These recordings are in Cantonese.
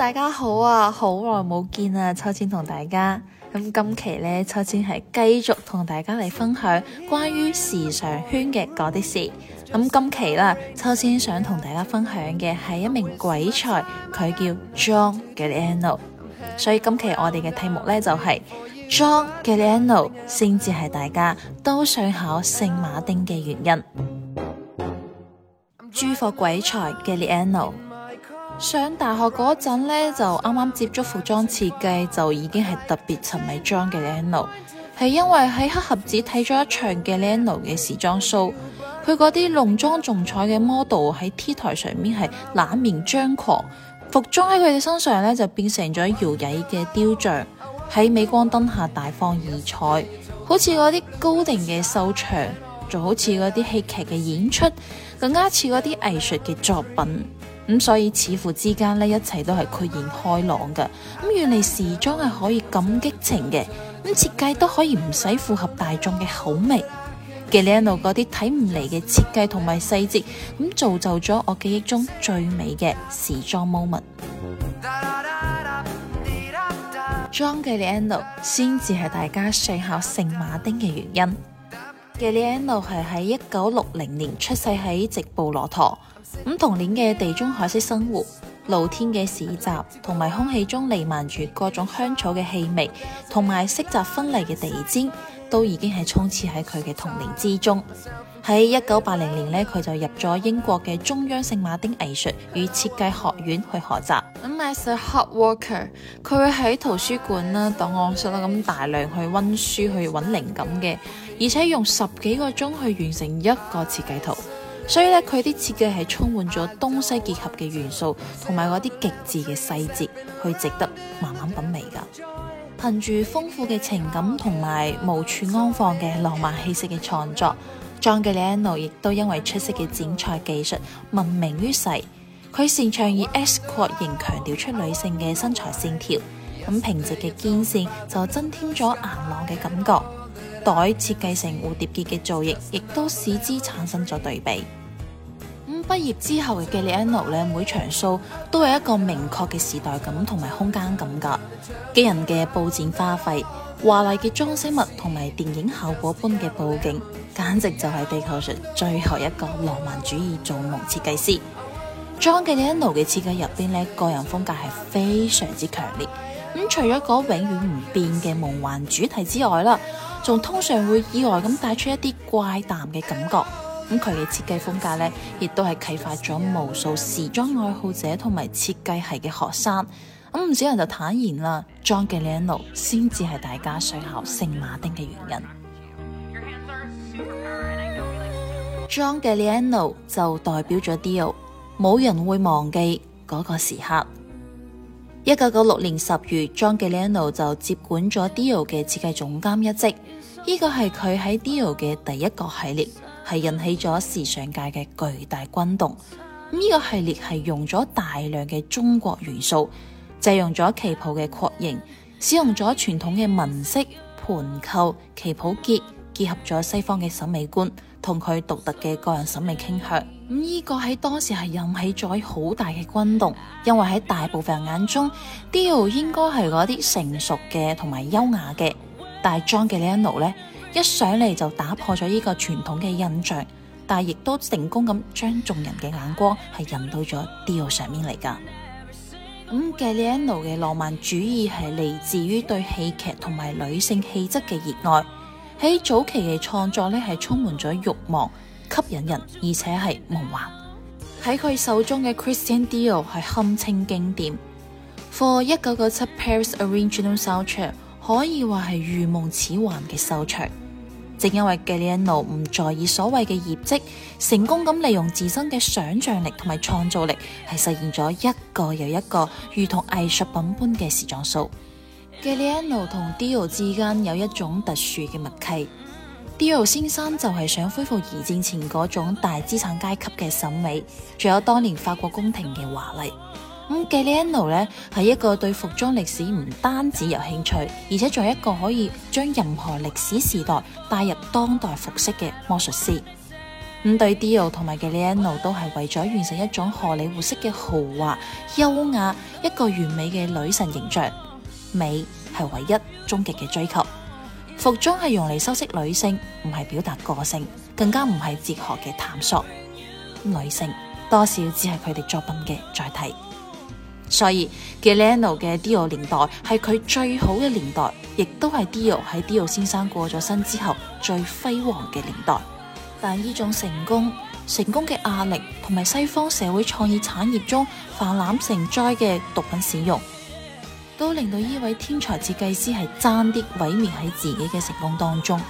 大家好啊，好耐冇見啊，秋千同大家。咁今期呢，秋千係繼續同大家嚟分享關於時尚圈嘅嗰啲事。咁今期啦，秋千想同大家分享嘅係一名鬼才，佢叫 John Galliano。所以今期我哋嘅題目呢，就是，就係 John Galliano 先至係大家都想考聖馬丁嘅原因。諸佛鬼才 Galliano。Gall 上大學嗰陣咧，就啱啱接觸服裝設計，就已經係特別沉迷 John Galliano，係因為喺黑盒子睇咗一場 John Galliano 嘅時裝 show，佢嗰啲濃妝重彩嘅 model 喺 T 台上面係冷面張狂，服裝喺佢哋身上咧就變成咗搖曳嘅雕像，喺鎂光燈下大放異彩，好似嗰啲高定嘅秀場，就好似嗰啲戲劇嘅演出，更加似嗰啲藝術嘅作品。咁所以似乎之間咧，一切都係豁然開朗嘅。咁原來時裝係可以咁激情嘅，咁設計都可以唔使符合大眾嘅口味。Galliano 嗰啲睇唔嚟嘅設計同埋細節，咁造就咗我記憶中最美嘅時裝 moment。Galliano 先至係大家想考聖馬丁嘅原因。Galliano 係喺一九六零年出世喺直布羅陀。咁童年嘅地中海式生活、露天嘅市集，同埋空氣中彌漫住各種香草嘅氣味，同埋色澤分離嘅地氈，都已經係充斥喺佢嘅童年之中。喺一九八零年呢，佢就入咗英國嘅中央聖馬丁藝術與設計學院去學習。咁 as a hard worker，佢會喺圖書館啦、檔案室啦咁大量去溫書去搵靈感嘅，而且用十幾個鐘去完成一個設計圖。所以呢佢啲設計係充滿咗東西結合嘅元素，同埋嗰啲極致嘅細節，去值得慢慢品味㗎。憑住豐富嘅情感同埋無處安放嘅浪漫氣息嘅創作，John Galliano 亦都因為出色嘅剪裁技術聞名於世。佢擅長以 X 廓形強調出女性嘅身材線條，咁平直嘅肩線就增添咗硬朗嘅感覺。袋設計成蝴蝶結嘅造型，亦都使之產生咗對比。畢業之後嘅 Galliano 每場 show 都有一個明確嘅時代感同埋空間感噶驚人嘅佈展花費、華麗嘅裝飾物同埋電影效果般嘅佈景，簡直就係地球上最後一個浪漫主義造夢設計師。John Galliano 嘅設計入邊咧，個人風格係非常之強烈。咁除咗嗰永遠唔變嘅夢幻主題之外啦，仲通常會意外咁帶出一啲怪誕嘅感覺。咁佢嘅設計風格咧，亦都係啟發咗無數時裝愛好者同埋設計系嘅學生。咁唔少人就坦言啦，John Galliano 先至係大家想考聖馬丁嘅原因。John Galliano 就代表咗 Dior，冇人會忘記嗰個時刻。一九九六年十月，John Galliano 就接管咗 Dior 嘅設計總監一職，呢個係佢喺 Dior 嘅第一個系列。係引起咗時尚界嘅巨大轟動。呢、這個系列係用咗大量嘅中國元素，借用咗旗袍嘅廓形，使用咗傳統嘅紋飾、盤扣、旗袍領，結合咗西方嘅審美觀同佢獨特嘅個人審美傾向。咁、這、呢個喺當時係引起咗好大嘅轟動，因為喺大部分人眼中，Dior 應該係嗰啲成熟嘅同埋優雅嘅，但 John Galliano 呢。一上嚟就打破咗呢個傳統嘅印象，但亦都成功咁將眾人嘅眼光系引到咗 Dior 上面嚟噶。咁 Galliano 嘅浪漫主義係嚟自於對戲劇同埋女性氣質嘅熱愛，喺早期嘅創作呢係充滿咗欲望、吸引人，而且係夢幻。喺佢手中嘅 Christian Dior 係堪稱經典。Fall 1997 Paris Original Soundtrack 秀場，可以話係如夢似幻嘅秀場。正因為 Galliano 唔在意所謂嘅業績，成功咁利用自身嘅想像力同埋創造力，係實現咗一個又一個如同藝術品般嘅時裝秀。Galliano 同 Dior 之間有一種特殊嘅默契。Dior 先生就係想恢復二戰前嗰種大資產階級嘅審美，仲有當年法國宮廷嘅華麗。咁 Galliano 咧，係一個對服裝歷史唔單止有興趣，而且仲有一個可以將任何歷史時代帶入當代服飾嘅魔術師。咁對 Dior 同埋 Galliano 都係為咗完成一種荷里活式嘅豪華優雅，一個完美嘅女神形象，美係唯一終極嘅追求。服裝係用嚟修飾女性，唔係表達個性，更加唔係哲學嘅探索。女性多少只係佢哋作品嘅載體。在所以 Galliano 嘅 Dior 年代係佢最好嘅年代，亦都係 Dior 喺 Dior 先生過咗身之後最輝煌嘅年代。但呢種成功、成功嘅壓力，同埋西方社會創意產業中氾濫成災嘅毒品使用，都令到呢位天才設計師係差啲毀滅喺自己嘅成功當中。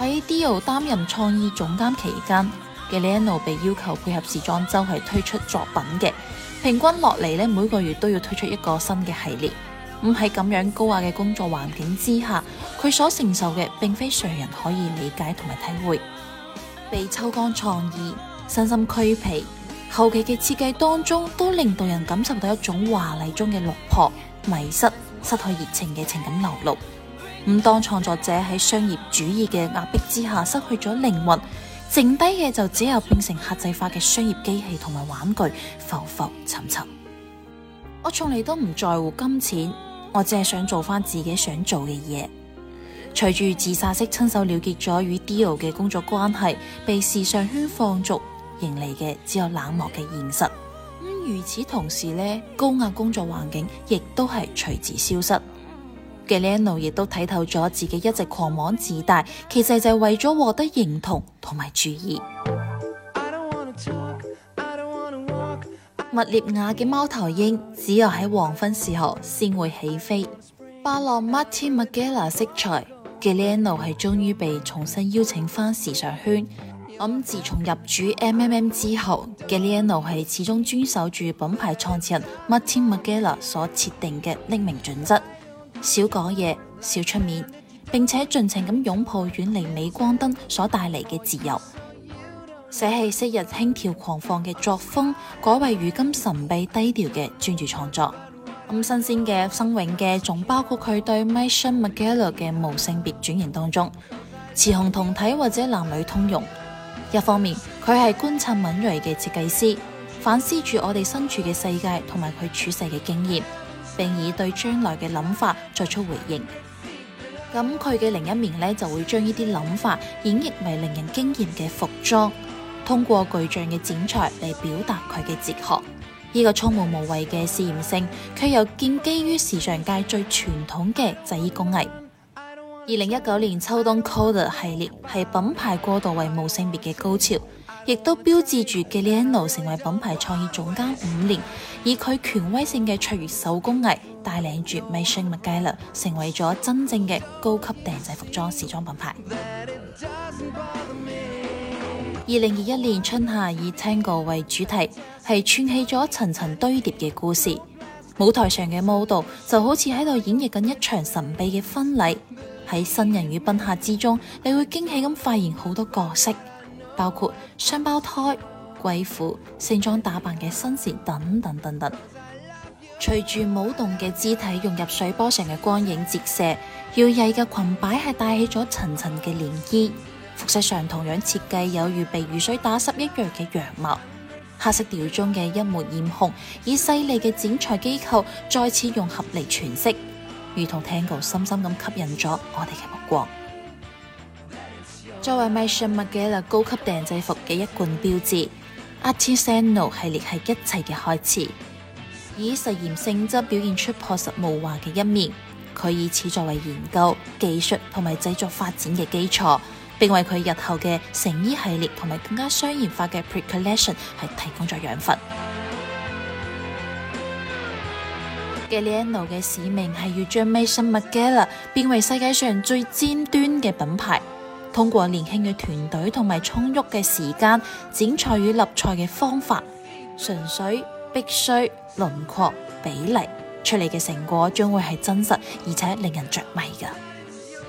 喺 Dior 擔任創意總監期間，Galliano 被要求配合時裝周係推出作品嘅。平均落嚟呢，每個月都要推出一個新嘅系列，咁喺咁樣高壓嘅工作環境之下，佢所承受嘅，並非常人可以理解同埋體會，被抽乾創意、身心俱疲，後期嘅設計當中都令到人感受到一種華麗中嘅落魄、迷失、失去熱情嘅情感流露。咁當創作者喺商業主義嘅壓迫之下，失去咗靈魂。剩低嘅就只有變成客製化嘅商業機器同埋玩具，浮浮沉沉。我從來都唔在乎金錢，我只係想做翻自己想做嘅嘢。隨住自殺式親手了結咗與 Dior 嘅工作關係，被時尚圈放逐，迎嚟嘅只有冷漠嘅現實。咁與此同時，呢高壓工作環境亦都係隨之消失。Galliano 亦都睇透咗自己一直狂妄自大，其實就係為咗獲得認同同埋注意。麥列亞嘅貓頭鷹只有喺黃昏時候先會起飛。巴洛 Martin Margiela 色彩嘅 Galliano 係終於被重新邀請返時尚圈。咁、嗯、自從入主 MMM 之後嘅 Galliano 係始終遵守住品牌創始人 Martin Margiela 所設定嘅匿名準則。少講嘢，少出面，並且盡情咁擁抱遠離鎂光燈所帶嚟嘅自由，捨棄昔日輕佻狂放嘅作風，改為如今神秘低調嘅專注創作。咁新鮮嘅、新穎嘅，仲包括佢對 Maison Margiela 嘅無性別轉型當中，雌雄同體或者男女通用。一方面，佢係觀察敏銳嘅設計師，反思住我哋身處嘅世界同埋佢處世嘅經驗。並以對將來嘅諗法作出回應。咁佢嘅另一面呢，就會將呢啲諗法演繹為令人驚艷嘅服裝，通過巨匠嘅剪裁嚟表達佢嘅哲學。呢、呢個充滿無謂嘅試驗性，卻又建基於時尚界最傳統嘅製衣工藝。二零一九年秋冬 Co-ed 系列係品牌過渡為無性別嘅高潮。亦都標誌住 Galliano 成為品牌創意總監五年，以佢權威性嘅卓越手工藝帶領住 Maison Margiela 啦，成為咗真正嘅高級定制服裝時裝品牌。二零二一年春夏以 “Tango” 為主題，係串起咗層層堆疊嘅故事。舞台上嘅 model 就好似喺度演繹緊一場神秘嘅婚禮，喺新人與賓客之中，你會驚喜咁發現好多角色。包括雙胞胎、貴婦、盛裝打扮嘅紳士等等等等。隨住舞動嘅肢體融入水波上嘅光影折射，搖曳嘅裙擺係帶起咗層層嘅漣漪。服飾上同樣設計有如被雨水打濕一樣嘅羊毛，黑色調中嘅一抹艷紅，以細膩嘅剪裁結構再次融合嚟詮釋，如同 Tango 深深咁吸引咗我哋嘅目光。作為 Maison Margiela 高級訂製服嘅一貫標誌，Artisanal 系列係一切嘅開始，以實驗性質表現出樸實無華嘅一面。佢以此作為研究技術同埋製作發展嘅基礎，並為佢日後嘅成衣系列同埋更加商業化嘅 Pre-Collection 係提供咗養分。Galliano 嘅使命係要將 Maison Margiela 變為世界上最尖端嘅品牌。通過年輕嘅團隊同埋充裕嘅時間，剪裁與立裁嘅方法，純粹必須輪廓比例出嚟嘅成果，將會是真實而且令人着迷嘅。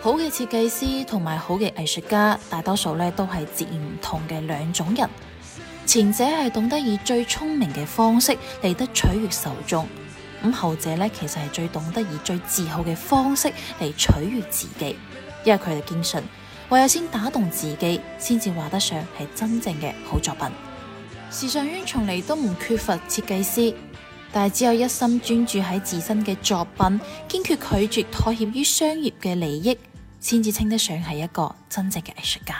好嘅設計師同埋好嘅藝術家，大多數都是截然唔同嘅兩種人。前者是懂得以最聰明嘅方式嚟得取悅受眾，咁後者呢，其實是最懂得以最自豪嘅方式嚟取悅自己，因為佢哋堅信。唯有先打動自己，先至話得上係真正嘅好作品。時尚圈從嚟都唔缺乏設計師，但係只有一心專注喺自身嘅作品，堅決拒絕妥協於商業嘅利益，先至稱得上係一個真正嘅藝術家。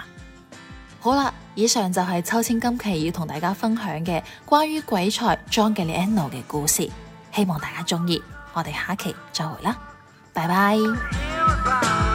好啦，以上就係秋千今期要同大家分享嘅關於鬼才 John Galliano 嘅故事，希望大家中意。我哋下期再會啦，拜拜。